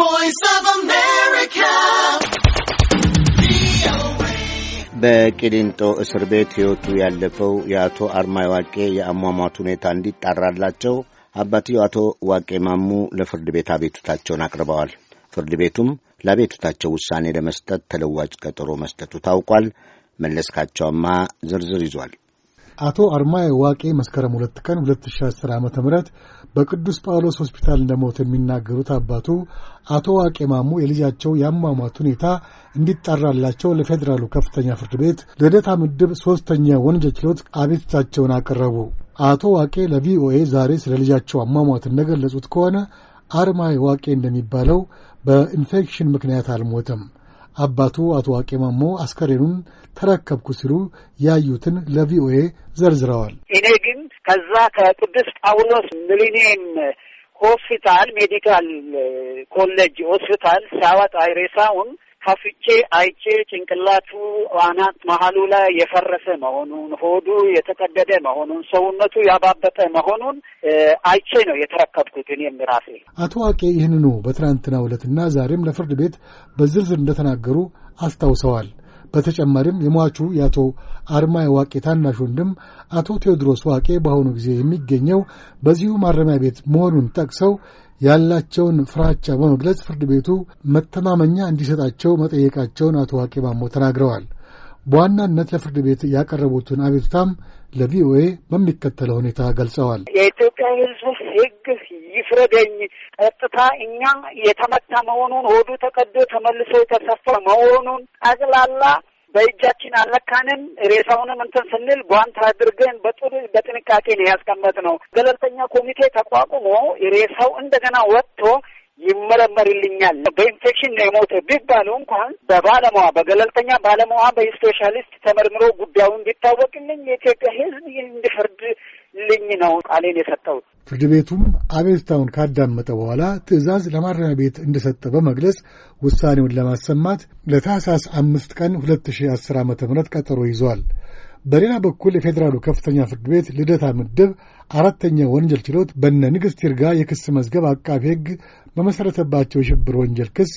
voice of America. በቂሊንጦ እስር ቤት ሕይወቱ ያለፈው የአቶ አርማ ዋቄ የአሟሟት ሁኔታ እንዲጣራላቸው አባትየው አቶ ዋቄ ማሙ ለፍርድ ቤት አቤቱታቸውን አቅርበዋል። ፍርድ ቤቱም ለአቤቱታቸው ውሳኔ ለመስጠት ተለዋጭ ቀጠሮ መስጠቱ ታውቋል። መለስካቸውማ ዝርዝር ይዟል። አቶ አርማዬ ዋቄ መስከረም ሁለት ቀን 2010 ዓ ም በቅዱስ ጳውሎስ ሆስፒታል እንደሞት የሚናገሩት አባቱ አቶ ዋቄ ማሙ የልጃቸው የአሟሟት ሁኔታ እንዲጣራላቸው ለፌዴራሉ ከፍተኛ ፍርድ ቤት ልደታ ምድብ ሦስተኛ ወንጀል ችሎት አቤቱታቸውን አቀረቡ። አቶ ዋቄ ለቪኦኤ ዛሬ ስለ ልጃቸው አሟሟት እንደገለጹት ከሆነ አርማዬ ዋቄ እንደሚባለው በኢንፌክሽን ምክንያት አልሞተም። አባቱ አቶ አቄማሞ አስከሬኑን ተረከብኩ ሲሉ ያዩትን ለቪኦኤ ዘርዝረዋል። እኔ ግን ከዛ ከቅዱስ ጳውሎስ ሚሊኒየም ሆስፒታል ሜዲካል ኮሌጅ ሆስፒታል ሲያወጣ ሬሳውን ሀፍቼ አይቼ ጭንቅላቱ አናት መሀሉ ላይ የፈረሰ መሆኑን፣ ሆዱ የተቀደደ መሆኑን፣ ሰውነቱ ያባበጠ መሆኑን አይቼ ነው የተረከብኩት እኔም ራሴ። አቶ አቄ ይህንኑ በትናንትናው ዕለትና ዛሬም ለፍርድ ቤት በዝርዝር እንደተናገሩ አስታውሰዋል። በተጨማሪም የሟቹ የአቶ አርማ ዋቄ ታናሽ ወንድም አቶ ቴዎድሮስ ዋቄ በአሁኑ ጊዜ የሚገኘው በዚሁ ማረሚያ ቤት መሆኑን ጠቅሰው ያላቸውን ፍራቻ በመግለጽ ፍርድ ቤቱ መተማመኛ እንዲሰጣቸው መጠየቃቸውን አቶ ማሞ ተናግረዋል። በዋናነት ለፍርድ ቤት ያቀረቡትን አቤቱታም ለቪኦኤ በሚከተለው ሁኔታ ገልጸዋል። የኢትዮጵያ ሕዝብ ሕግ ይፍረደኝ፣ ቀጥታ እኛ የተመታ መሆኑን ሆዱ ተቀዶ ተመልሶ የተሰፋ መሆኑን ጠቅላላ በእጃችን አልነካንም። ሬሳውንም እንትን ስንል ጓንት አድርገን በጥሩ በጥንቃቄ ነው ያስቀመጥነው። ገለልተኛ ኮሚቴ ተቋቁሞ ሬሳው እንደገና ወጥቶ ይመረመርልኛል። በኢንፌክሽን ነው የሞተ ቢባሉ እንኳን በባለሙያ በገለልተኛ ባለሙያ በስፔሻሊስት ተመርምሮ ጉዳዩን ቢታወቅልኝ የኢትዮጵያ ሕዝብ እንዲፈርድ ልኝ ነው ቃሌን የሰጠሁት። ፍርድ ቤቱም አቤቱታውን ካዳመጠ በኋላ ትዕዛዝ ለማረሚያ ቤት እንደሰጠ በመግለጽ ውሳኔውን ለማሰማት ለታህሳስ አምስት ቀን ሁለት ሺህ አስር ቀጠሮ ይዟል። በሌላ በኩል የፌዴራሉ ከፍተኛ ፍርድ ቤት ልደታ ምድብ አራተኛ ወንጀል ችሎት በነ ንግሥት ይርጋ የክስ መዝገብ አቃቤ ሕግ በመሠረተባቸው የሽብር ወንጀል ክስ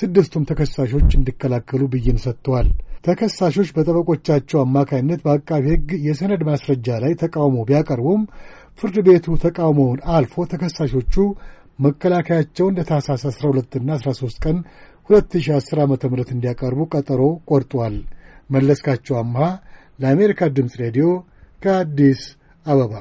ስድስቱም ተከሳሾች እንዲከላከሉ ብይን ሰጥተዋል። ተከሳሾች በጠበቆቻቸው አማካይነት በአቃቢ ሕግ የሰነድ ማስረጃ ላይ ተቃውሞ ቢያቀርቡም ፍርድ ቤቱ ተቃውሞውን አልፎ ተከሳሾቹ መከላከያቸውን ለታህሳስ 12ና 13 ቀን 2010 ዓ ም እንዲያቀርቡ ቀጠሮ ቆርጧል። መለስካቸው አምሃ ለአሜሪካ ድምፅ ሬዲዮ ከአዲስ አበባ